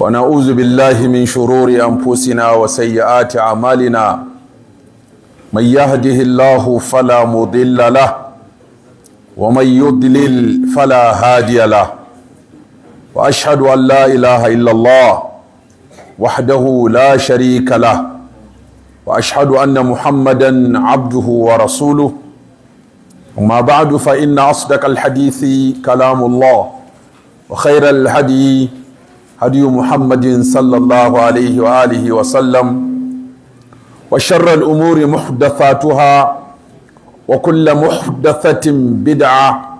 ونعوذ بالله من شرور أنفسنا وسيئات أعمالنا من يهده الله فلا مضل له ومن يضلل فلا هادي له وأشهد أن لا إله إلا الله وحده لا شريك له وأشهد أن محمدا عبده ورسوله أما بعد فإن أصدق الحديث كلام الله وخير الهدي هدي محمد صلى الله عليه وآله وسلم وشر الأمور محدثاتها وكل محدثة بدعة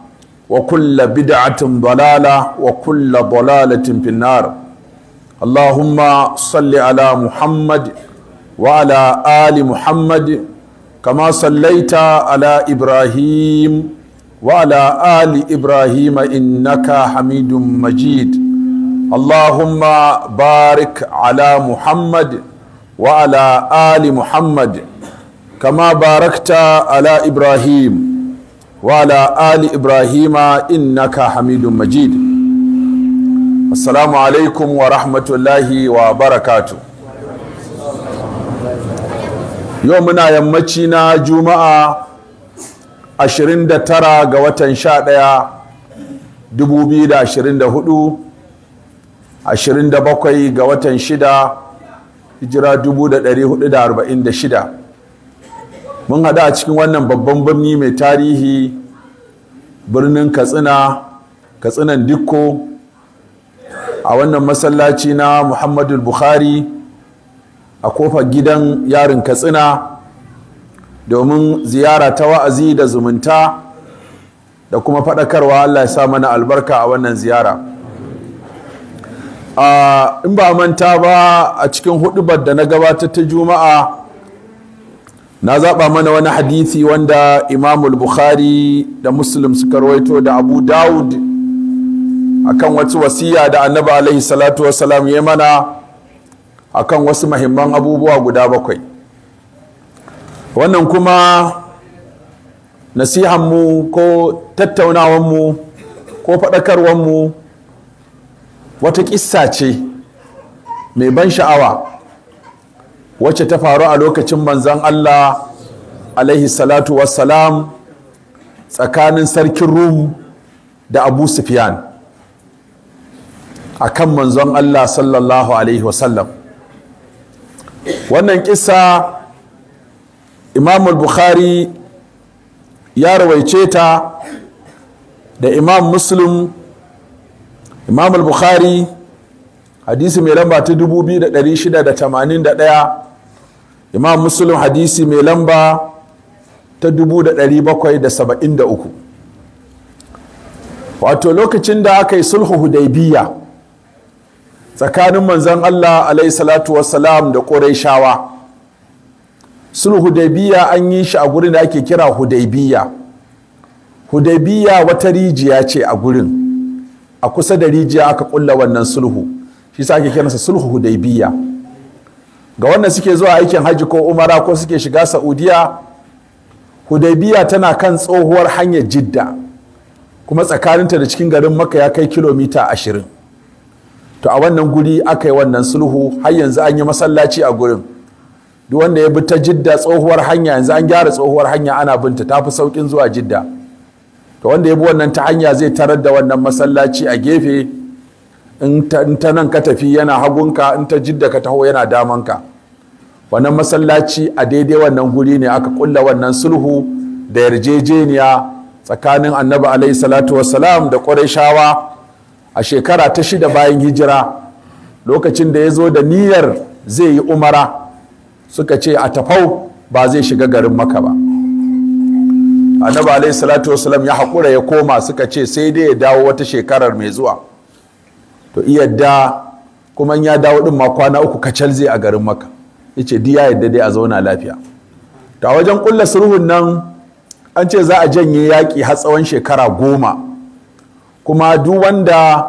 وكل بدعة ضلالة وكل ضلالة في النار اللهم صل على محمد وعلى آل محمد كما صليت على إبراهيم وعلى آل إبراهيم إنك حميد مجيد اللهم بارك على محمد وعلى آل محمد كما باركت على إبراهيم وعلى آل إبراهيم إنك حميد مجيد السلام عليكم ورحمة الله وبركاته يومنا يمتشينا جمعة عشرين دترا 29 ga watan 11 2024 27 ga watan shida hijira 1446 mun hada a cikin wannan babban birni mai tarihi birnin katsina katsinan dikko a wannan masallaci na muhammadu buhari a kofar gidan yarin katsina domin ziyara ta wa'azi da zumunta da kuma faɗakarwa allah ya sa mana albarka a wannan ziyara in ba manta ba a cikin hudubar da na gabata ta juma'a na zaɓa mana wani hadisi wanda imamul bukhari da muslim suka rawaito da abu dawud akan wasu wasiya da annaba alaihi salatu wasalam ya mana akan wasu mahimman abubuwa guda bakwai wannan kuma nasihanmu ko tattaunawanmu ko faɗakarwanmu wata kissa ce mai ban sha'awa wacce ta faru a lokacin manzan Allah alaihi salatu wassalam tsakanin sarkin rum da abu sufyan a kan manzon Allah sallallahu alaihi wasallam wannan kisa Imamul bukhari ya rawaice ta da imam muslim imam al-bukhari hadisi mai lamba ta 2681 imam muslim hadisi mai lamba ta 1773 wato lokacin da aka yi sulhu hudaybiya tsakanin manzon Allah alaihi salatu wassalam da Qurayshawa sulhu hudaybiya an yi shi a gurin da ake kira hudaybiya hudaybiya wata rijiya ce a gurin a kusa da rijiya aka kulla wannan sulhu shi sa ake kiransa sulhu hudaybiya ga wannan suke zuwa aikin hajji ko umara ko suke shiga saudiya Hudaibiya tana kan tsohuwar hanyar jidda kuma tsakaninta da cikin garin maka ya kai kilomita ashirin to a wannan guri aka yi wannan sulhu har yanzu an yi masallaci a gurin duk wanda ya bi ta jidda tsohuwar hanya yanzu an gyara tsohuwar hanya ana binta ta fi saukin zuwa jidda to wanda ya bi wannan ta hanya zai tarar da wannan masallaci a gefe in ta nan ka tafi yana hagunka in ta jidda ka taho yana damanka wannan masallaci a daidai wannan guri ne aka kulla wannan sulhu da yarjejeniya tsakanin annabi alaihi salatu wassalam da ƙwarai a shekara ta shida bayan hijira lokacin da ya zo da niyyar zai yi umara suka ce a tafau ba zai shiga garin maka ba annabi alayhi salatu wasalam ya haƙura ya koma suka ce sai dai ya dawo wata shekarar mai zuwa to iya da kuma ya dawo din ma kwana uku kacal zai a garin maka yace di ya yadda dai a zauna lafiya ta wajen kulla sulhun nan an ce za a janye yaƙi har tsawon shekara goma kuma duk wanda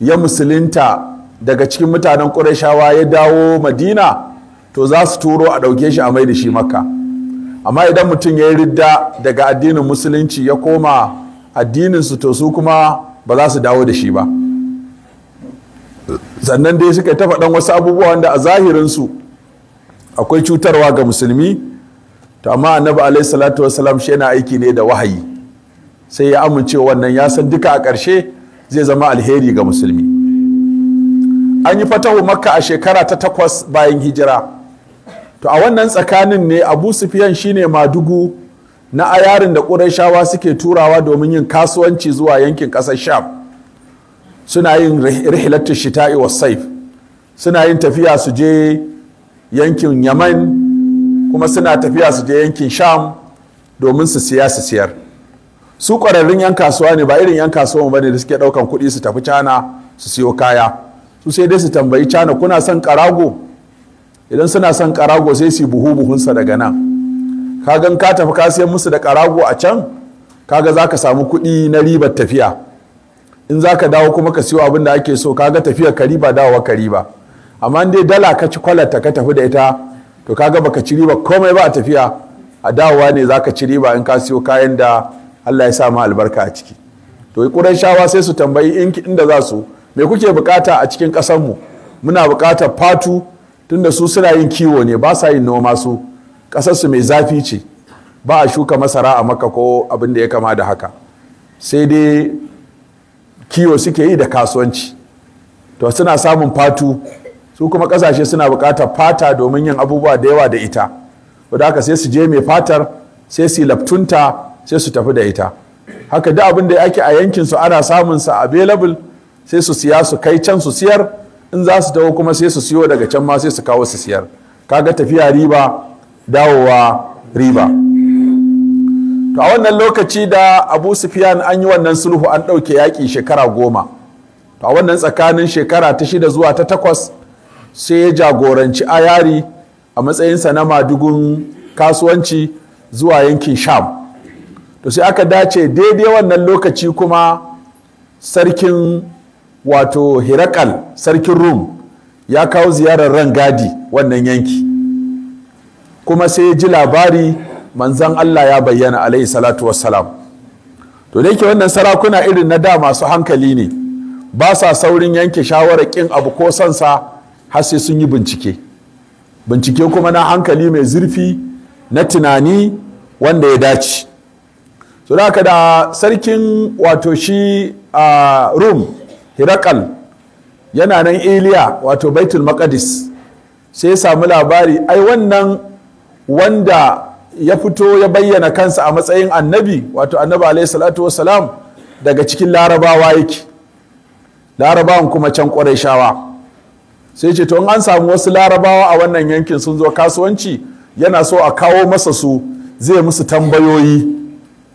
ya musulunta daga cikin mutanen ƙurashawa ya dawo madina to za su turo a ɗauke shi a mai da shi makka amma idan mutum ya yi ridda daga addinin musulunci ya koma addininsu to su kuma ba za su dawo da shi ba sannan dai suka ta faɗan wasu abubuwa wanda a zahirinsu akwai cutarwa ga musulmi to amma annabi alaihi salatu wasalam shi yana aiki ne da wahayi sai ya amince wannan ya san duka a ƙarshe zai zama alheri ga musulmi an yi fatahu makka a shekara ta takwas bayan hijira to a wannan tsakanin ne abu sufiyan shine madugu na ayarin da ƙurashawa suke turawa domin yin kasuwanci zuwa yankin ƙasar sham suna yin rihilattun shita'i wa saif suna yin tafiya su je yankin yaman kuma suna tafiya su je yankin sham domin su siya su siyar su ƙwararrun 'yan kasuwa ne ba irin 'yan kasuwan ba ne da suke ɗaukan kuɗi su tafi cana su siyo kaya su sai dai su tambayi cana kuna son ƙarago idan suna son karago sai su buhu buhunsa daga nan kagan ka tafi ka siyan musu da karago a can kaga za ka samu kuɗi na ribar tafiya in za ka dawo kuma ka siyo abin da ake so kaga tafiya ka riba dawowa ka riba amma in dai dala ka ci kwalata ka tafi da ita to kaga baka ci riba komai ba a tafiya a dawowa ne za ka ci riba in ka siyo kayan da Allah ya sa ma albarka a ciki to ƙuran shawa sai su tambayi inda za su me kuke bukata a cikin ƙasarmu muna bukatar fatu tunda su suna yin kiwo ne ba sa yin noma su ƙasarsu mai zafi ce ba a shuka masara a maka ko abin da ya kama da haka sai dai kiwo suke yi da kasuwanci to suna samun fatu su kuma ƙasashe suna buƙatar fata domin yin abubuwa da yawa da ita wadda haka sai su je mai fatar sai su laftunta sai su tafi da ita haka da abin da ake a yankinsu ana samunsa available sai su siya su kai can su siyar in za su taho kuma sai su siyo daga can ma sai su kawo su siyar kaga tafiya riba dawowa riba to a wannan lokaci da abu sufiyan an yi wannan sulhu an ɗauke yaƙi shekara goma to a wannan tsakanin shekara ta shida zuwa ta takwas sai ya jagoranci ayari a matsayinsa na madugun kasuwanci zuwa yankin sham to sai aka dace daidai wannan lokaci kuma sarkin wato hirakal sarkin rum ya kawo ziyarar rangadi wannan yanki kuma sai ya ji labari manzan Allah ya bayyana alaihi salatu wassalam to da yake wannan sarakuna irin na da masu hankali ne ba sa saurin yanke shawarar kin abu ko sansa har sai sun yi bincike bincike kuma na hankali mai zurfi na tunani wanda ya dace so da da sarkin wato shi a rum hirakal yana nan iliya wato baitul maqdis sai ya samu labari ai wannan wanda ya fito ya bayyana kansa a matsayin annabi wato annabi alaihi salatu wasalam daga cikin larabawa yake larabawan kuma can ƙwarai sai ce to in an samu wasu larabawa a wannan yankin sun zo kasuwanci yana so a kawo masa su zai musu tambayoyi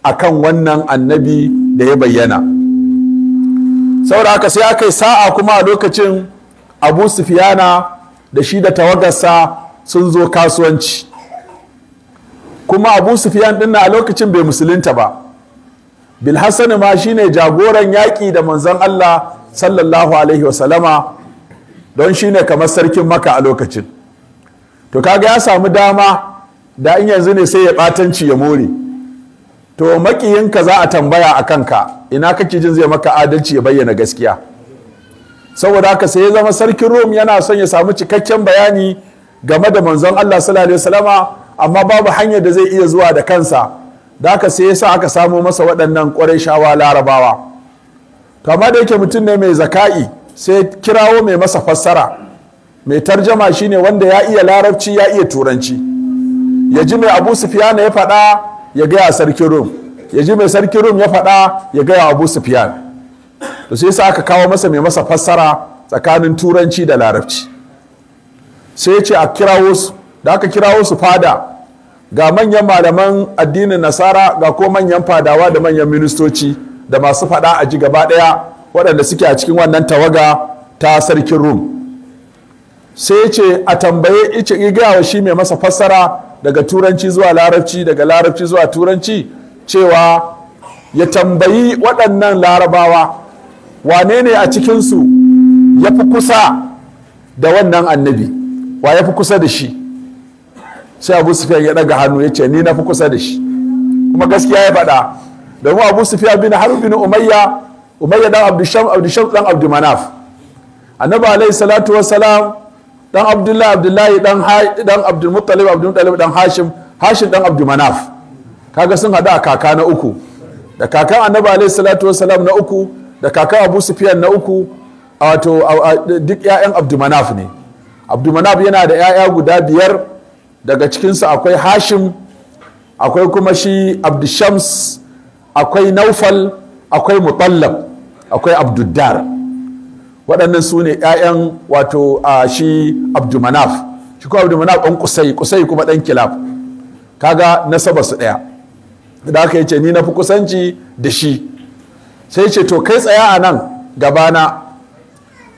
akan wannan annabi da ya bayyana saboda haka sai aka yi sa'a kuma a lokacin abu sufiyana da shi da tawagarsa sun zo kasuwanci kuma abu sufiyan din a lokacin bai musulunta ba bilhassan ma shine jagoran yaƙi da manzon allah sallallahu alaihi wasallama don shine kamar sarkin maka a lokacin to kaga ya samu dama da in yanzu ne sai ya ɓatanci ya more to makiyinka za a tambaya a kanka ina kake jin zai maka adalci ya bayyana gaskiya saboda haka sai ya zama sarkin rom yana son ya samu cikakken bayani game da manzon allah sallallahu alaihi amma babu hanyar da zai iya zuwa da kansa da haka sai sa aka samo masa waɗannan ƙwarai shawa larabawa to da yake mutum ne mai zaka'i sai kirawo mai masa fassara mai tarjama shine wanda ya iya larabci ya iya turanci ya ji mai abu sufiyana ya faɗa ya gaya sarkin rum ya ji mai sarkin rum ya faɗa ya gaya abu sufyan to sai sa aka kawo masa mai masa fassara tsakanin turanci da larabci sai ya ce a kirawo su da aka kirawo su fada ga manyan malaman addinin nasara ga ko manyan fadawa da manyan ministoci da masu faɗa a ji gaba ɗaya waɗanda suke a cikin wannan tawaga ta sarkin rum sai ya ce a tambaye ice gaya wa shi mai masa fassara daga turanci zuwa larabci daga larabci zuwa turanci cewa ya tambayi waɗannan larabawa wane ne a cikinsu ya fi kusa da wannan annabi wa ya fi kusa da shi sai abu sufiyan ya ɗaga hannu ya ce ni na fi kusa da shi kuma gaskiya ya faɗa domin abu sufiyan bin harbi bin umayya umayya dan abdusham abdusham dan abdumanaf annabi alaihi salatu wassalam dan abdullahi abdullahi dan dan abdulmuttalib abdulmuttalib dan hashim hashim dan abdulmanaf kaga sun hada a kaka na uku da kakan annabi alayhi salatu wasalam na uku da kakan abu sufyan na uku wato duk 'ya'yan abdumanaf ne Abdumanaf yana da 'ya'ya guda biyar daga cikinsu akwai hashim akwai kuma shi abdushams akwai naufal akwai mutallab akwai abduddar waɗannan su ne 'ya'yan wato a shi abdumanaf shi kuma abdumanaf ɗan kusai kusai kuma ɗan kilab kaga nasaba su ɗaya da aka ce ni na fi kusanci da shi sai ce to kai tsaya a nan gabana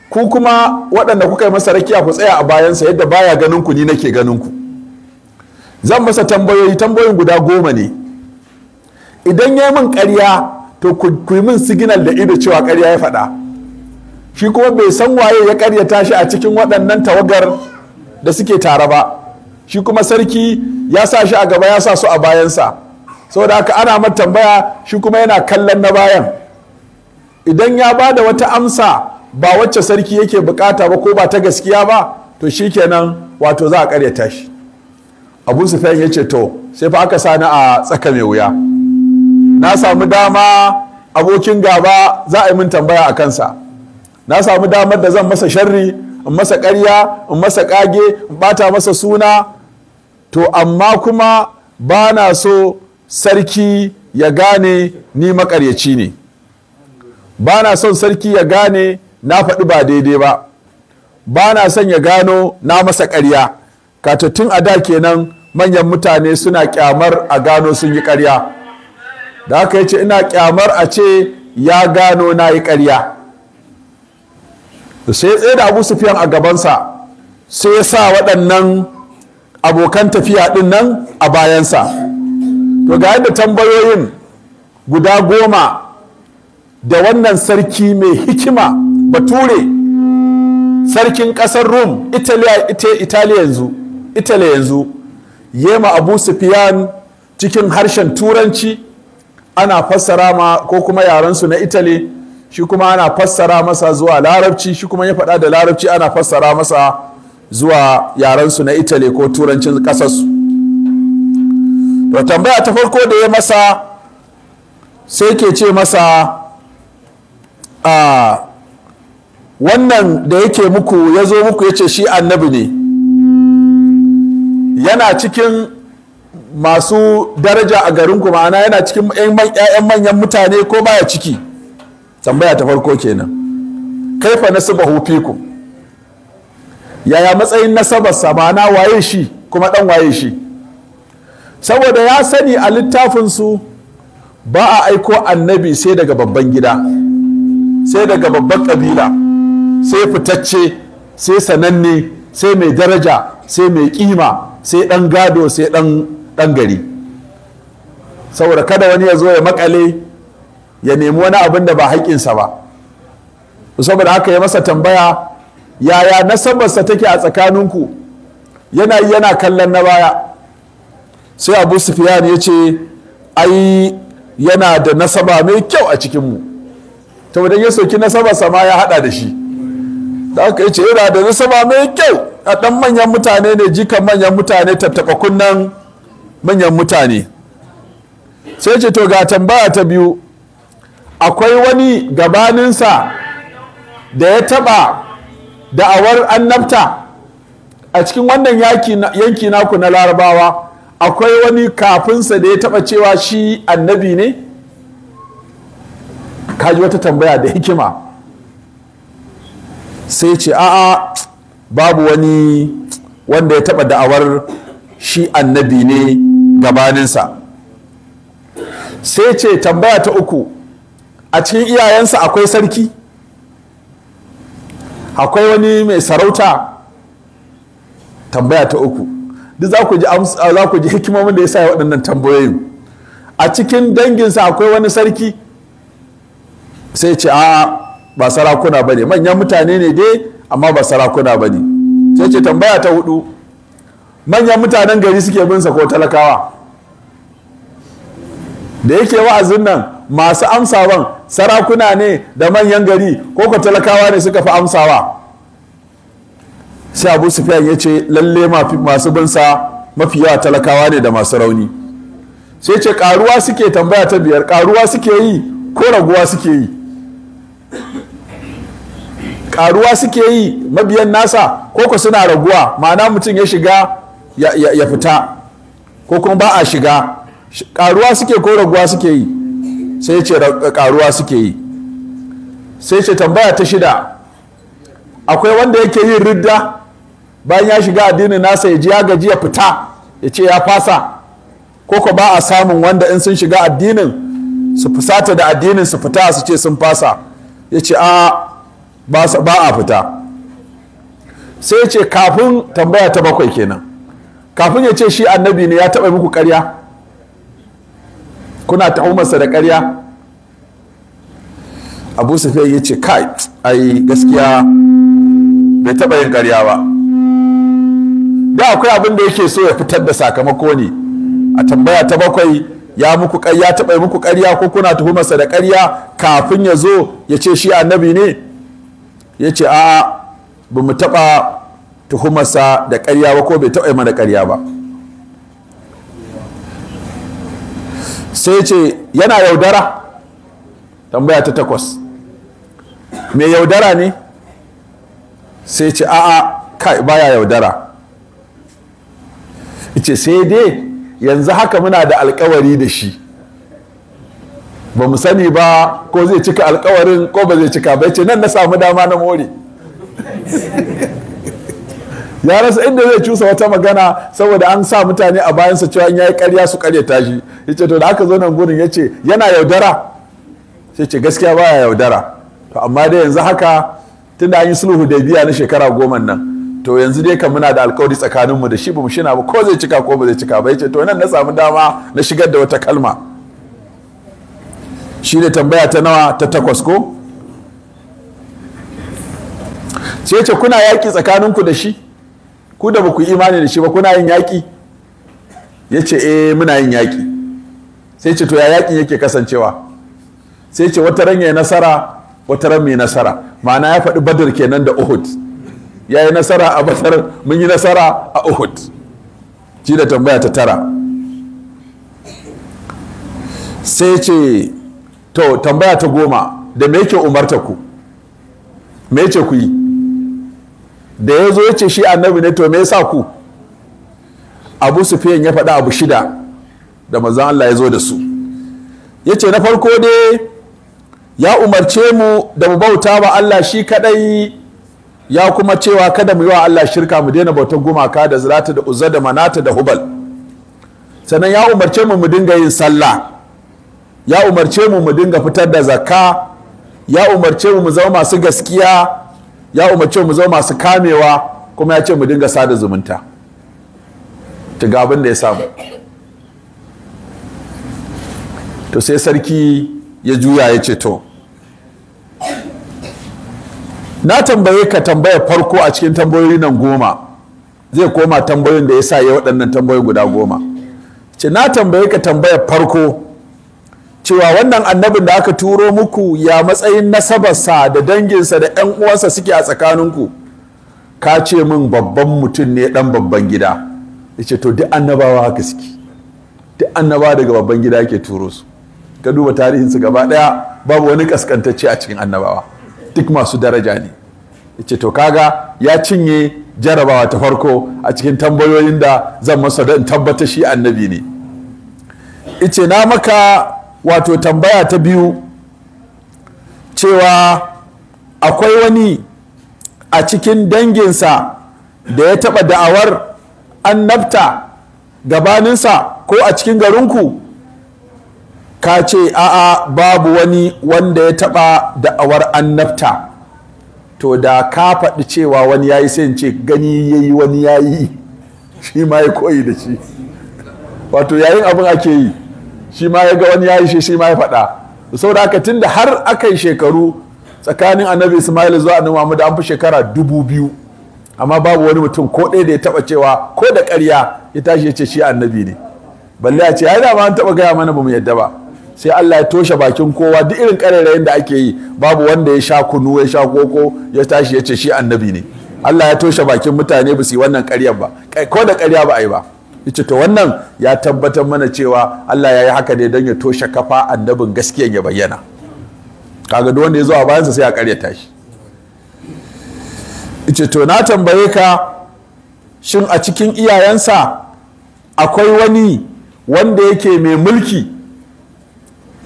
ku kuma waɗanda kuka yi masa rakiya ku tsaya a bayansa yadda baya ganin ku ni nake ganin ku zan masa tambayoyi tambayoyin guda goma ne idan ya yi min ƙarya to ku yi min siginal da ido cewa ƙarya ya faɗa shi kuma bai san waye ya karyata shi a cikin waɗannan tawagar da suke tare ba shi kuma sarki ya sa shi a gaba ya sa su a bayansa saboda haka ana mata tambaya shi kuma yana kallon na bayan idan ya ba da wata amsa ba wacce sarki yake bukata ba ko ba ta gaskiya ba to shi kenan wato za a karyata shi abu sufyan ya ce to sai fa aka sani a tsaka mai wuya na samu dama abokin gaba za a yi min tambaya a kansa na samu damar da zan masa sharri in masa ƙarya in masa ƙage in ɓata masa suna to amma kuma ba na so sarki ya gane ni maƙaryaci ne ba na son sarki ya gane na faɗi ba daidai ba ba na son ya gano na masa ƙarya katattun a da kenan manyan mutane suna kyamar a gano sun yi ƙarya da haka ya ce ina kyamar a ce ya gano na yi ƙarya sai ya tsaye da abu sufiyan a gabansa sai ya sa waɗannan abokan tafiya ɗin nan a bayansa to ga yadda tambayoyin guda goma da wannan sarki mai hikima bature sarkin ƙasar rum italiya ita italiya yanzu yai yanzu yema abu sufiyan cikin harshen turanci ana fassara ma ko kuma yarensu na italiya shi kuma ana fassara masa zuwa larabci shi kuma ya faɗa da larabci ana fassara masa zuwa yarensu na italy ko turancin ƙasarsu to tambaya ta farko da ya masa sai ke ce masa a wannan da yake muku ya zo muku ya ce shi annabi ne yana cikin masu daraja a garinku ma'ana yana cikin 'ya'yan manyan mutane ko baya ciki tambaya ta farko kenan kaifa nasibahu ku yaya matsayin nasabar samana waye shi kuma dan waye shi saboda ya sani a littafin su ba a aiko annabi sai daga babban gida sai daga babban kabila sai fitacce sai sananne sai mai daraja sai mai kima sai dan gado sai dan gari saboda kada wani ya zo ya makale ya nemi wani abin da ba haƙƙinsa ba saboda haka ya masa tambaya yaya nasabarsa take a tsakaninku yana yi yana kallon na baya sai abu sufiyan ya ce ai yana da nasaba mai kyau a cikinmu ta wadda ya soki nasabarsa ma ya hada da shi da aka yi ce yana da nasaba mai kyau a ɗan manyan mutane ne jikan manyan mutane tattaɓa kunnan manyan mutane sai ce to ga tambaya ta biyu akwai wani gabaninsa da ya taɓa da'awar annabta a cikin wannan yanki naku na larabawa akwai wani kafinsa da ya taɓa cewa shi annabi ne kaji wata tambaya da hikima sai ce a'a babu wani wanda ya taɓa da'awar shi annabi ne gabaninsa sai ce tambaya ta uku a cikin iyayensa akwai sarki akwai wani mai sarauta tambaya ta uku duk za ku ji za ku ji hikimomin da ya sa waɗannan tambayoyin a cikin danginsa akwai wani sarki sai ce a ba sarakuna ba ne manyan mutane ne dai amma ba sarakuna ba ne sai ce tambaya ta hudu manyan mutanen gari suke binsa ko talakawa da yake wa'azin nan masu amsa ban. sarakuna ne da manyan gari ko ko talakawa ne suka fi amsawa sai abu ya ce lalle masu binsa mafi yawa talakawa ne da masu rauni sai ce karuwa suke tambaya ta biyar karuwa suke yi ko raguwa suke yi karuwa suke yi mabiyan nasa ko suna raguwa ma'ana mutum ya shiga ya fita ko kuma ba a shiga karuwa suke ko raguwa suke yi sai ce karuwa suke yi sai ce tambaya ta shida akwai wanda yake yin ridda bayan ya shiga addinin nasa ya ji ya gaji ya fita ya ce ya fasa ko ba a samun wanda in sun shiga addinin su fusata da addinin su fita su ce sun fasa ya ce a ba a fita sai ce kafin tambaya ta bakwai kenan kafin ya ce shi annabi ne ya taɓa muku karya kuna tuhumarsa da ƙarya abu ya ce kai ai gaskiya bai taɓa yin ƙarya ba da akwai abin da yake so ya fitar da sakamako ne a tambaya ta bakwai ya muku ƙarya taɓa muku ƙarya ko kuna tuhumarsa da karya? kafin ya zo ya ce shi annabi ne ya ce a ba mu taɓa tuhumarsa da ƙarya ba ko bai taɓa yi mana ƙarya ba sai ce yana yaudara tambaya ta takwas mai yaudara ne sai ce a'a kai baya yaudara ce sai dai yanzu haka muna da alkawari da shi ba mu sani ba ko zai cika alkawarin ko ba zai cika ba ce nan na samu dama na more ya rasa inda zai cusa wata magana saboda an sa mutane a bayansa cewa ya yi karya su karya tashi. Ya ce to da aka zo nan gurin ce yana yaudara sai ce gaskiya baya yaudara to amma dai yanzu haka tunda an yi sulhu da biya na shekara goma nan to yanzu dai kan muna da alkawari tsakaninmu da shi bamu shina ba ko zai cika ko ba zai cika ba Ya ce to nan na samu dama na shigar da wata kalma shi ne tambaya ta nawa ta takwas ko sai ce kuna yaki tsakaninku da shi ku da ba ku imani da shi ba kuna yin yaƙi ya ce eh muna yin yaƙi sai ce to ya yaƙin yake kasancewa sai ce wata ran ya nasara wata ran mai nasara ma'ana ya faɗi badar kenan da uhud ya yi nasara a badar mun yi nasara a uhud Ji da tambaya ta tara sai ce to tambaya ta goma da me yake umarta ku me yake ku yi da ya zo ya ce shi annabi ne to me yasa ku abu sufiyan ya faɗa abu shida da manzon Allah ya zo da su ya ce na farko dai ya umarce mu da mu bauta wa Allah shi kadai ya kuma cewa kada mu yi wa Allah shirka mu daina bautar gumaka da zirata da uzza da manata da hubal sannan ya umarce mu mu dinga yin sallah ya umarce mu mu dinga fitar da zakka ya umarce mu mu zama masu gaskiya ya umarce mu zama masu kamewa kuma ya ce mu dinga sada zumunta ta gabin da ya samu to sai sarki ya juya ya ce to na tambaye ka tambaya farko a cikin tambayoyi nan goma zai koma tambayoyin da ya sa ya waɗannan tambayoyi guda goma ce na tambaye ka tambaya farko cewa wannan annabin da aka turo muku ya matsayin nasabarsa da danginsa da 'yan uwansa suke a tsakaninku ka ce min babban mutum ne dan babban gida ya ce to duk annabawa haka suke duk annabawa daga babban gida yake turo su ka duba tarihinsu gaba daya babu wani kaskantacce a cikin annabawa duk masu daraja ne ya ce to kaga ya cinye jarabawa ta farko a cikin tambayoyin da zan masa don tabbata shi annabi ne ice na maka wato tambaya ta biyu cewa akwai wani a cikin danginsa da ya taɓa da'awar annabta gabaninsa ko a cikin garinku ka ce a'a babu wani wanda ya taɓa da'awar annabta to da ka faɗi cewa wani ya yi ce gani ya yi wani ya yi shi ma ya koyi da shi wato yayin abin ake yi shi ma ya ga wani yi shi shi ma ya faɗa saboda haka da har aka yi shekaru tsakanin annabi ismail zuwa annabi muhammadu an fi shekara dubu biyu amma babu wani mutum ko ɗaya da ya taɓa cewa ko da ƙarya ya tashi ya ce shi annabi ne balle a ce ai da ma an taɓa gaya mana ba mu yadda ba sai Allah ya toshe bakin kowa duk irin ƙarerayen da ake yi babu wanda ya sha kunu ya sha koko ya tashi ya ce shi annabi ne Allah ya toshe bakin mutane ba su yi wannan ƙaryar ba ko da ƙarya ba a yi ba yace to wannan ya tabbatar mana cewa Allah ya yi haka ne don ya toshe kafa annabin gaskiya ya bayyana kaga duk wanda ya zo a bayansa sai a karyata shi yace to na tambaye ka shin a cikin iyayensa akwai wani wanda yake mai mulki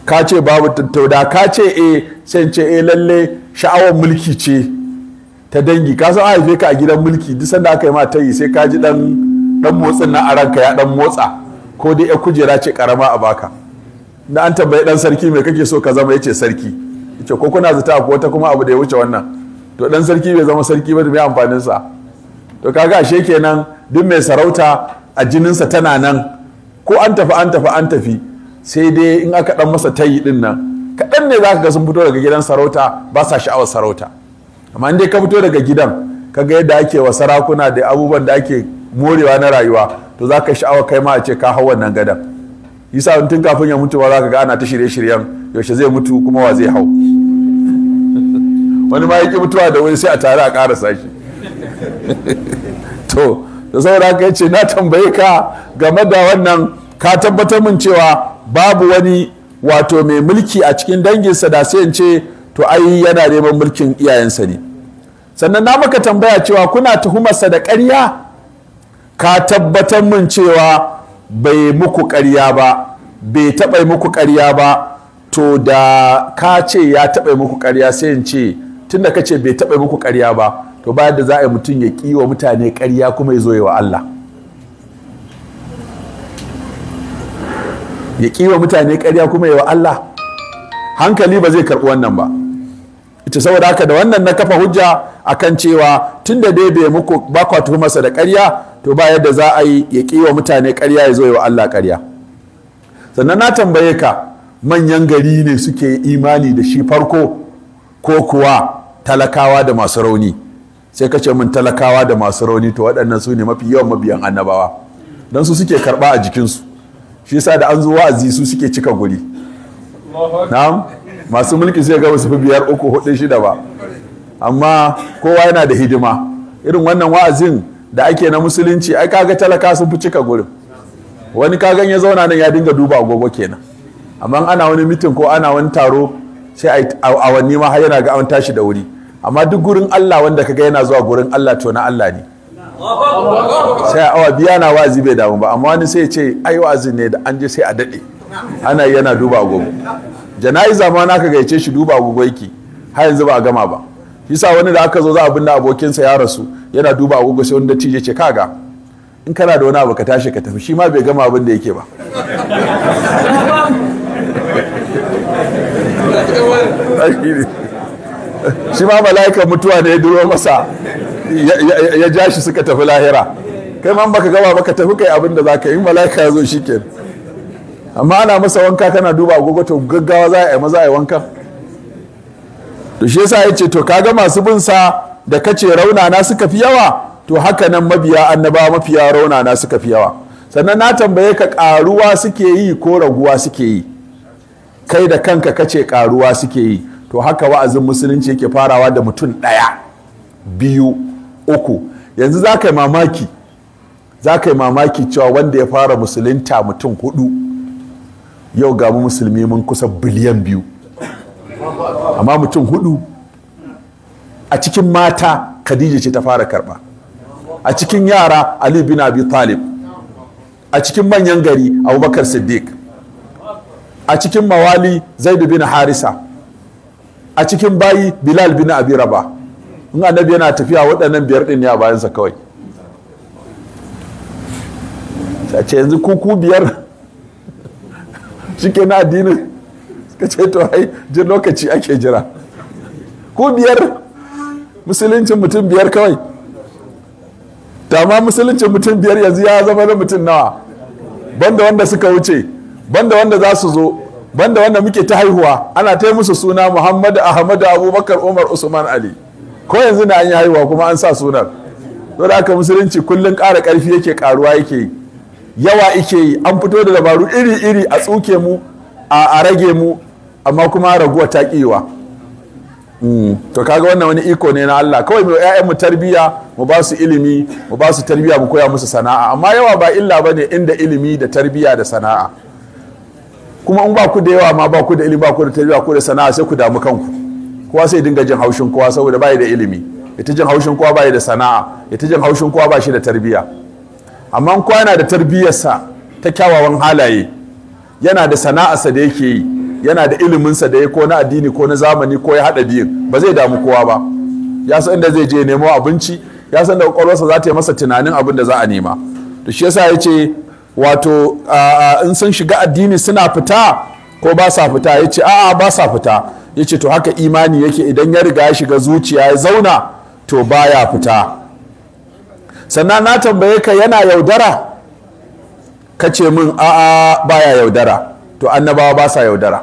ka ce babu tattauda ka ce e sai ce e lalle sha'awar mulki ce ta dangi ka san haife ka a gidan mulki duk sanda aka yi ma ta yi sai ka ji dan dan motsin na a ranka ya dan motsa ko dai ya kujera ce karama a baka na an tambayi dan sarki mai kake so ka zama yace sarki yace ko kuna zata ko wata kuma abu da ya wuce wannan to dan sarki bai zama sarki ba da mai amfanin sa to kaga ashe kenan duk mai sarauta a jininsa tana nan ko an tafi an tafi an tafi sai dai in aka dan masa tayi din nan kaɗan ne za ka ga sun fito daga gidan sarauta ba sa sha'awar sarauta amma in dai ka fito daga gidan ka ga yadda ake wa sarakuna da abubuwan da ake morewa na rayuwa to za ka sha'awar kai ma a ce ka hau wannan gadan yasa tun kafin ya mutu ba za ka ga ana ta shirye-shiryen yaushe zai mutu kuma wa zai hau wani ma yake mutuwa da wuri sai a tare a ƙara sashi to da saboda haka yace na tambaye ka game da wannan ka tabbatar min cewa babu wani wato mai mulki a cikin danginsa da sai in ce to ai yana neman mulkin iyayensa ne sannan na maka tambaya cewa kuna tuhumarsa da ƙarya ka tabbatar min cewa bai muku karya ba bai taɓa muku karya ba to da ka ce ya taɓa muku ƙarya sai in ce tunda ka ce bai taɓa muku karya ba to bayan da za a yi mutum ya ƙi wa mutane ƙarya kuma ya zo wa Allah ya ƙi wa mutane ƙarya kuma ya wa Allah hankali ba zai karɓi wannan ba ce saboda haka da wannan na kafa hujja akan cewa tun da dai bai muku ba kwa tuhumarsa da karya to ba yadda za a yi ya ƙi wa mutane karya ya zo wa Allah karya sannan na tambaye ka manyan gari ne suke imani da shi farko ko kuwa talakawa da masu rauni sai ka ce min talakawa da masu rauni to waɗannan su ne mafi yawan mabiyan annabawa don su suke karɓa a jikinsu shi yasa da an zo wa'azi su suke cika guri na'am masu mulki sai ga su biyar uku hudu shida ba amma kowa yana da hidima irin wannan wa'azin da ake na musulunci ai kaga talaka sun fi cika gurin wani kagan ya zauna nan ya dinga duba agogo kenan amma ana wani mitin ko ana wani taro sai a awanni ma har yana ga an tashi da wuri amma duk gurin Allah wanda kaga yana zuwa gurin Allah to na Allah ne sai awa biya na wa'azi bai damu ba amma wani sai ya ce ai wa'azin ne da an je sai a daɗe ana yana duba agogo jana'iza ma naka gaice shi duba agogo yake har yanzu ba a gama ba yasa wani da aka zo za a binne abokinsa ya rasu yana duba agogo sai wanda tije ce kaga in kana da wani abu ka tashi ka tafi shi ma bai gama abin da yake ba shi ma mala'ikan mutuwa ne ya duro masa ya ja shi suka tafi lahira kai ma baka gama baka tafi kai abin da za ka yi mala'ika ya zo shi kenan amma ana masa wanka kana duba agogo to gaggawa za a yi maza a yi wanka to shi yasa yace to kaga masu bin sa da kace raunana suka fi yawa to haka nan mabiya annaba mafiya raunana suka fi yawa sannan na tambaye ka karuwa suke yi ko raguwa suke yi kai da kanka kace karuwa suke yi to haka wa'azin musulunci yake farawa da mutum ɗaya biyu uku yanzu za ka yi mamaki za ka yi mamaki cewa wanda ya fara musulunta mutum hudu yau ga mu musulmi mun kusa biliyan biyu amma mutum hudu a cikin mata khadija ce ta fara karba a cikin yara ali bin abi talib a cikin manyan gari abubakar siddiq a cikin mawali zaidu bin harisa a cikin bayi bilal bin abi raba in annabi yana tafiya waɗannan biyar ɗin ne a bayansa kawai ce yanzu kuku biyar ke na addinin suka ce to ai jin lokaci ake jira ko biyar musuluncin mutum biyar kawai ma musuluncin mutum biyar yanzu ya zama na mutum nawa banda wanda suka wuce banda wanda za su zo banda wanda muke ta haihuwa ana ta musu suna muhammadu ahmadu abubakar umar usman ali ko yanzu na an yi haihuwa kuma an sa sunar. to da aka musulunci kullum ƙara ƙarfi yake ƙaruwa yake yi yawa ike yi an fito da dabaru iri-iri a tsuke mu a rage mu amma kuma raguwa ta kiwa mm. to kaga wannan wani iko ne na Allah kawai mu ƴaƴan mu tarbiya mu ba su ilimi mu ba su tarbiya mu koya musu sana'a amma yawa ba illa bane inda ilimi da tarbiya da sana'a kuma in ba ku da yawa ma ba ku da ilimi ba ku da tarbiya ku da sana'a sai ku damu kanku kowa sai dinga jin haushin kowa saboda bai da ilimi ita jin haushin kowa bai da sana'a ita jin haushin kowa ba shi da tarbiya amma kwana da tarbiyyarsa ta kyawawan halaye yana da sana'arsa da yake yi yana da iliminsa da ya ko na addini ko na zamani ko ya haɗa biyun ba zai damu kowa ba ya san inda zai je nemo abinci ya san da kwakwalwarsa za ta yi masa tunanin abin da za a nema da shi yasa ya ce wato in sun shiga addini suna fita ko ba sa fita ya ce a'a ba sa fita ya ce to haka imani yake idan ya riga ya shiga zuciya ya zauna to baya fita sannan na tambaye ka yana yaudara ka ce min a'a baya yaudara to annabawa ba sa yaudara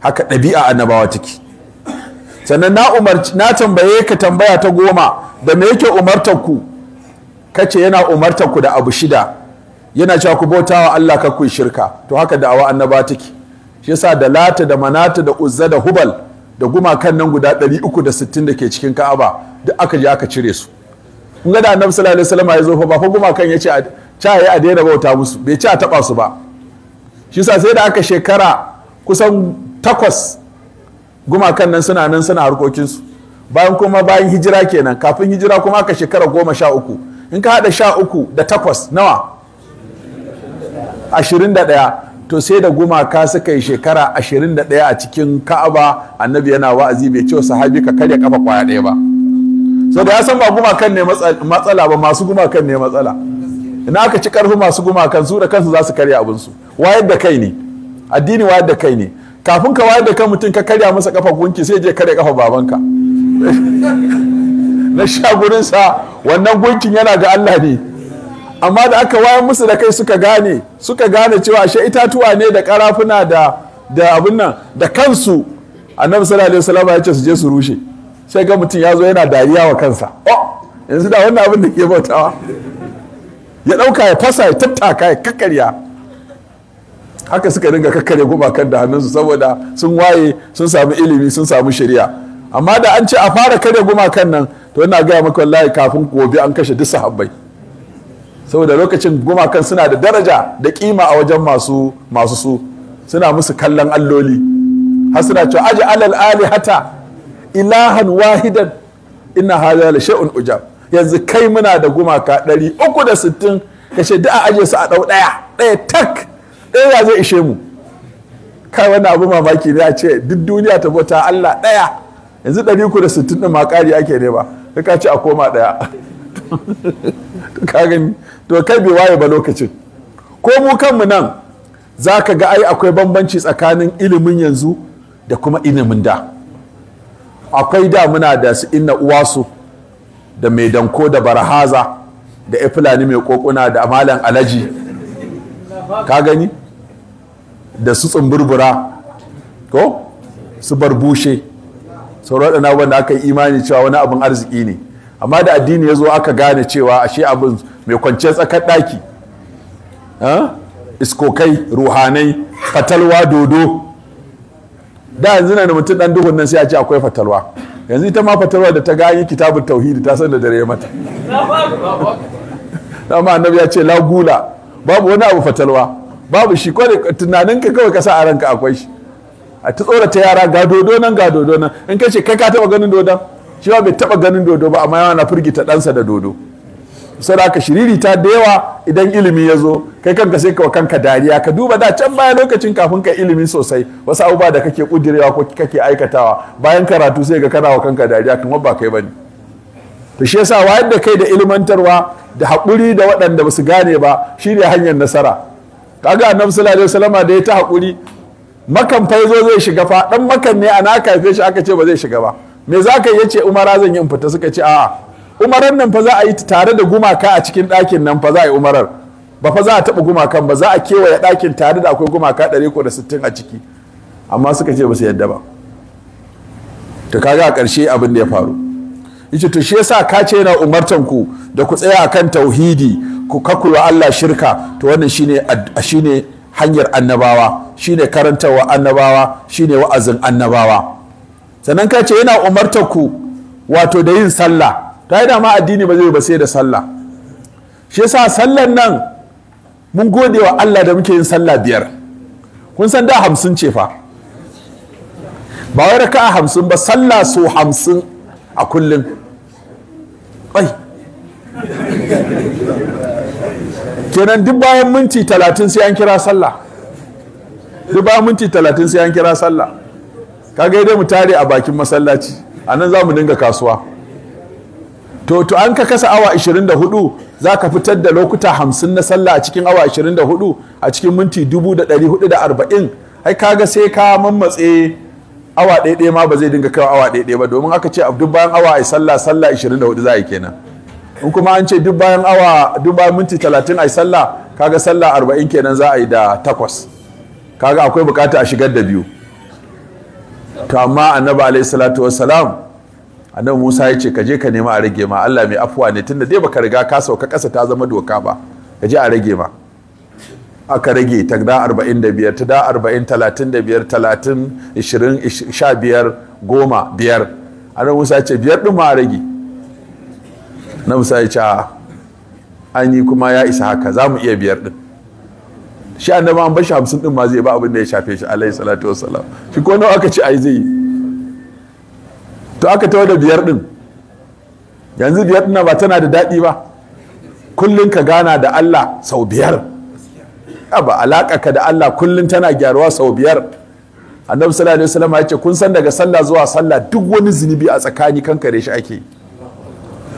haka ɗabi'a annabawa ciki sannan na umarci tambaye ka tambaya ta goma da me yake umartar ku ce yana umartar ku da abu shida yana cewa ku wa Allah ka ku shirka to haka da'awa annaba take shi yasa da lata da manata da uzza da hubal da gumakan nan guda 360 da ke cikin ka'aba duk aka je aka cire su kun ga da annabi sallallahu alaihi wasallam ya zo fa ba fa gumakan ya ce ca a daina bauta musu bai ci a taba su ba shi sa sai da aka shekara kusan takwas gumakan nan suna nan suna harkokin su bayan kuma bayan hijira kenan kafin hijira kuma aka shekara goma sha uku in ka haɗa sha uku da takwas nawa ashirin da daya to sai da gumaka suka yi shekara ashirin da ɗaya a cikin ka'aba annabi yana wa'azi bai ce sahabi ka karya kafa kwaya daya ba so da ya san ba gumakan ne matsala ba masu gumakan ne matsala ina aka ci karfi masu gumakan su da kansu za su karya abinsu wayar da kai ne addini wayar da kai ne kafin ka wayar da kan mutum ka karya masa kafa gunki sai je karya kafa babanka na sha gurinsa wannan gunkin yana ga Allah ne amma da aka wayar musu da kai suka gane suka gane cewa ashe itatuwa ne da karafuna da da abin nan da kansu annabi sallallahu alaihi wasallam ya ce su je su rushe sai ga mutum ya zo yana dariya wa kansa oh yanzu da wannan abin da ke bautawa ya ɗauka ya fasa ya tattaka ya kakkarya haka suka dinga kakkarya gumakan da hannunsu saboda sun waye sun samu ilimi sun samu shari'a amma da an ce a fara karya gumakan nan to ina gaya maka wallahi kafin gobe an kashe duk sahabbai saboda lokacin gumakan suna da daraja da kima a wajen masu masu su suna musu kallon alloli har suna cewa aji alal alihata ilahan wahidan Ina hadha da sha'un ujab yanzu kai muna da gumaka 360 uku da da'a aje su a dau daya daya tak daya zai ishe mu kai wani abu mamaki ne a ce duk duniya ta bauta Allah ɗaya. yanzu 360 din ma kari ake ne ba sai ka ce a koma daya ka gani to kai bai waye ba lokacin ko mu kanmu nan za ka ga ai akwai bambanci tsakanin ilimin yanzu da kuma ilimin da akwai da muna da su inna uwasu da mai danko da barahaza da ifilani mai kokuna da amalan alaji ka gani da su tsumburbura ko su barbushe sauran waɗanda wanda aka yi imani cewa wani abin arziki ne amma da addini ya zo aka gane cewa ashe abin mai kwanciyar tsakar daki ah, iskokai ruhanai fatalwa dodo da yanzu na mutum dan duhun nan sai a ce akwai fatalwa yanzu ita ma fatalwa da ta gani kitabun tauhidi ta san da dare mata ma annabi ya ce la gula babu wani abu fatalwa babu shi kawai tunanin ka kawai ka sa a ranka akwai shi a ta tsorata yara ga dodo nan ga dodo nan in ka ce kai ka taba ganin dodon shi ba bai taba ganin dodo ba amma yana firgita ɗansa da dodo da aka shiriri ta da yawa idan ilimi ya zo kai kanka sai ka kanka dariya ka duba da can baya lokacin kafin ka ilimi sosai wasu abubuwa da kake kudirewa ko kake aikatawa bayan karatu sai ga kana wa kanka dariya kuma ba kai bane to shi yasa wayar da kai da ilmantarwa da hakuri da waɗanda basu gane ba shine hanyar nasara kaga annabi sallallahu alaihi wasallama da ya ta hakuri makan fa zai shiga fa dan makan ne ana kafe shi aka ce ba zai shiga ba me zaka yace umara zan yi in fita suka ce a'a umarar nan fa za a yi tare da gumaka a cikin ɗakin nan fa za a yi umarar ba fa za a taɓa gumakan ba za a kewaye ɗakin tare da akwai gumaka ɗari da sittin a ciki amma suka ce ba su yadda ba to kaga a ƙarshe abin da ya faru yace to shi yasa ka ce yana umartan ku da ku tsaya akan tauhidi ku kakula Allah shirka to wannan shine shine hanyar annabawa shine karantawa annabawa shine wa'azin annabawa sannan ka ce yana umartar ku wato da yin sallah ta yi dama addini ba zai ba sai da sallah shi yasa sallan nan mun gode wa Allah da muke yin sallah biyar kun san da hamsin ce fa ba wai ka hamsin ba sallah so hamsin a kullum ai kenan duk bayan minti talatin sai an kira sallah duk bayan minti talatin sai an kira sallah kaga dai mu tare a bakin masallaci a nan za mu dinga kasuwa to to an ka kasa awa 24 za ka fitar da lokuta 50 na sallah a cikin awa 24 a cikin minti 440 ai kaga sai ka mammatse awa ɗaya ma ba zai dinga kawo awa ɗaya ba domin aka ce duk bayan awa ai sallah sallah 24 za a yi kenan in kuma an ce duk bayan awa duk bayan minti 30 ai sallah kaga sallah 40 kenan za a yi da takwas kaga akwai bukata a shigar da biyu to amma annabi alaihi salatu wassalam annabi Musa ya ce ka je ka nema a rage ma Allah mai afuwa ne tunda dai baka riga ka sauka ƙasa ta zama doka ba ka je a rage ma aka rage ta da 45 ta da 40 35 30 20 15 sha biyar annabi Musa ya ce biyar din ma a rage na Musa ya ce an yi kuma ya isa haka za mu iya biyar din shi annabi an bar shi 50 din ma zai ba abin da ya shafe shi alaihi salatu wasalam shi ko nawa aka ce ai zai yi to aka tawo da biyar din yanzu biyar din ba tana da daɗi ba kullum ka gana da Allah sau biyar ba alaƙa ka da Allah kullum tana gyaruwa sau biyar annabi sallallahu alaihi wasallam ya ce kun san daga sallah zuwa sallah duk wani zunubi a tsakani kankare shi ake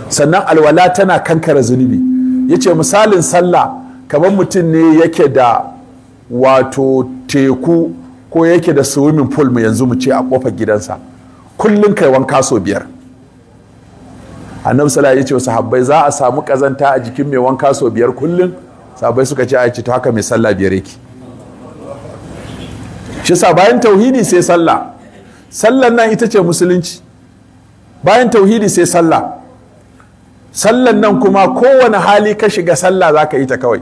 sannan alwala tana kankare zunubi ya ce misalin sallah kamar mutum ne yake da wato teku ko yake da swimming pool mu yanzu mu ce a kofar gidansa kullum kai wanka so biyar annabi sallallahu ya ce sahabbai za a samu kazanta a jikin mai wanka so biyar kullum sahabbai suka ce a ce to haka mai sallah biyar yake shi sa bayan tauhidi sai sallah sallan nan ita ce musulunci bayan tauhidi sai sallah sallan nan kuma kowane hali ka shiga sallah za ka yi ta kawai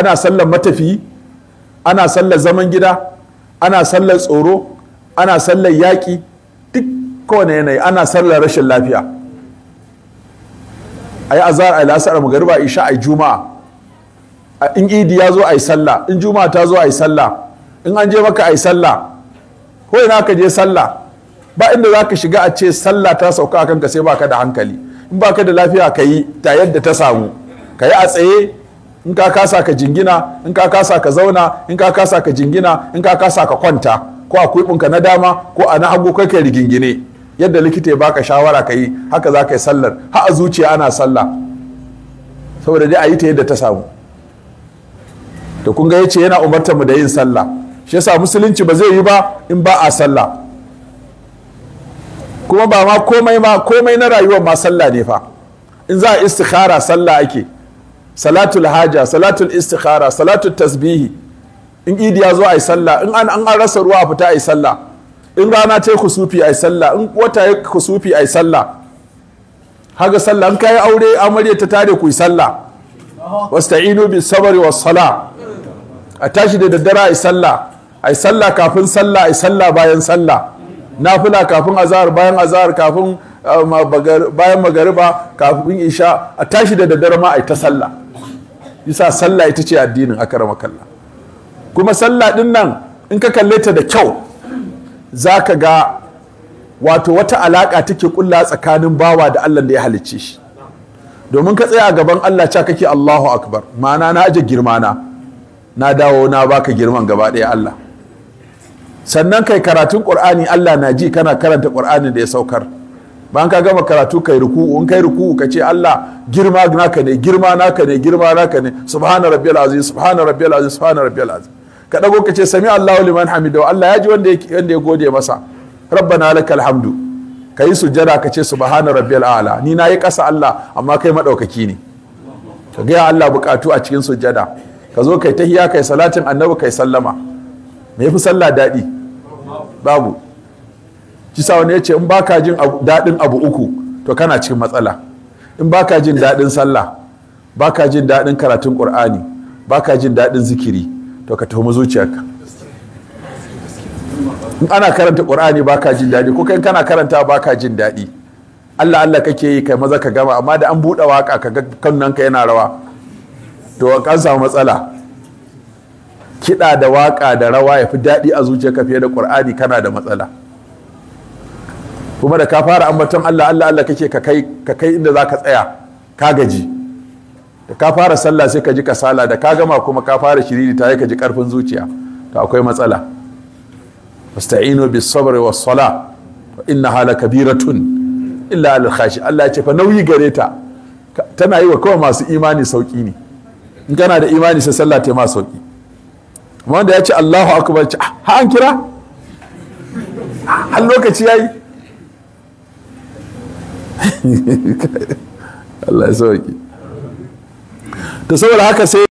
ana sallar matafiyi ana sallar zaman gida ana sallar tsoro ana sallar yaƙi duk kowane yanayi ana sallar rashin lafiya a yi azar a lasar a magariba isha a juma'a in idi ya zo a yi sallah in juma'a ta zo a yi sallah in an je maka a yi sallah ko ina ka je sallah ba inda za ka shiga a ce sallah ta sauka a kanka sai baka da hankali in baka da lafiya ka yi ta yadda ta samu ka yi a tsaye in ka kasa ka jingina in ka kasa ka zauna in ka kasa ka jingina in ka kasa ka kwanta ko a kuibinka na dama ko a na hagu kai kai rigingine yadda likita ya baka shawara ka yi haka za ka yi sallar har a zuciya ana sallah saboda dai a yi ta yadda ta samu to kun ga ya ce yana umartar mu da yin sallah shi yasa musulunci ba zai yi ba in ba a sallah kuma ba ma komai ma komai na rayuwar ma sallah ne fa in za a istikhara sallah ake salatul haja salatul istikhara salatul tasbihi in idi ya zo a yi sallah in an an rasa ruwa a fita a yi sallah in rana ta yi kusufi a yi sallah in wata ya kusufi a yi sallah haga sallah in kayi aure amarya ta tare ku yi sallah wasta'inu bi sabari wa sala a tashi da daddara a yi sallah a yi sallah kafin sallah a yi sallah bayan sallah nafila kafin azahar bayan azahar kafin uh, bayan magariba kafin isha a tashi da daddare ma a yi ta sallah yasa sallah ita ce addinin makalla kuma sallah din nan in ka kalle ta da kyau za ka ga wato wata alaka take kulla tsakanin bawa da Allah da ya halicce shi domin ka tsaya a gaban Allah ca kake Allahu akbar ma'ana na aje girma na na dawo na baka girman gaba ɗaya Allah sannan kai karatun Qur'ani Allah na ji kana karanta Qur'ani da ya saukar bayan ka gama karatu kai ruku'u in kai ruku'u ka ce Allah girma naka ne girma naka ne girma naka ne subhana rabbiyal azim subhana rabbiyal azim subhana rabbiyal azim ka dago ka ce sami Allahu liman hamidahu Allah ya ji wanda ya gode masa rabbana lakal hamdu kai sujjada ka ce subhana rabbiyal a'la ni nayi kasa Allah amma kai maɗaukaki ne ka ga Allah bukatu a cikin sujjada ka zo kai tahiya kai salatin annabi kai sallama me yafi sallah dadi babu sa wani ya in baka jin dadin abu uku to kana cikin matsala in baka jin dadin sallah baka jin dadin karatun qur'ani baka jin dadin zikiri to ka tuhumi zuciyarka ana karanta qur'ani baka jin daɗi ko kai kana karanta baka jin daɗi Allah Allah kake yi kai maza ka gama amma da an buɗe waka ka ga kannan ka yana rawa to an samu matsala kiɗa da waka da rawa ya fi daɗi a zuciyarka fiye da ƙur'ani kana da matsala kuma da ka fara ambaton Allah Allah Allah kake ka kai ka kai inda zaka tsaya ka gaji da ka fara sallah sai ka ji kasala da ka gama kuma ka fara shiriri ta ka ji karfin zuciya to akwai matsala wasta'inu bis sabr wa sala innaha lakabiratun illa al khashi Allah ya ce fa nauyi gare ta tana yi wa kawai masu imani sauki ne in kana da imani sai sallah ta ma sauki wanda ya ce Allahu akbar ah, ha an kira har lokaci yayi Allah ya sauki da saboda haka sai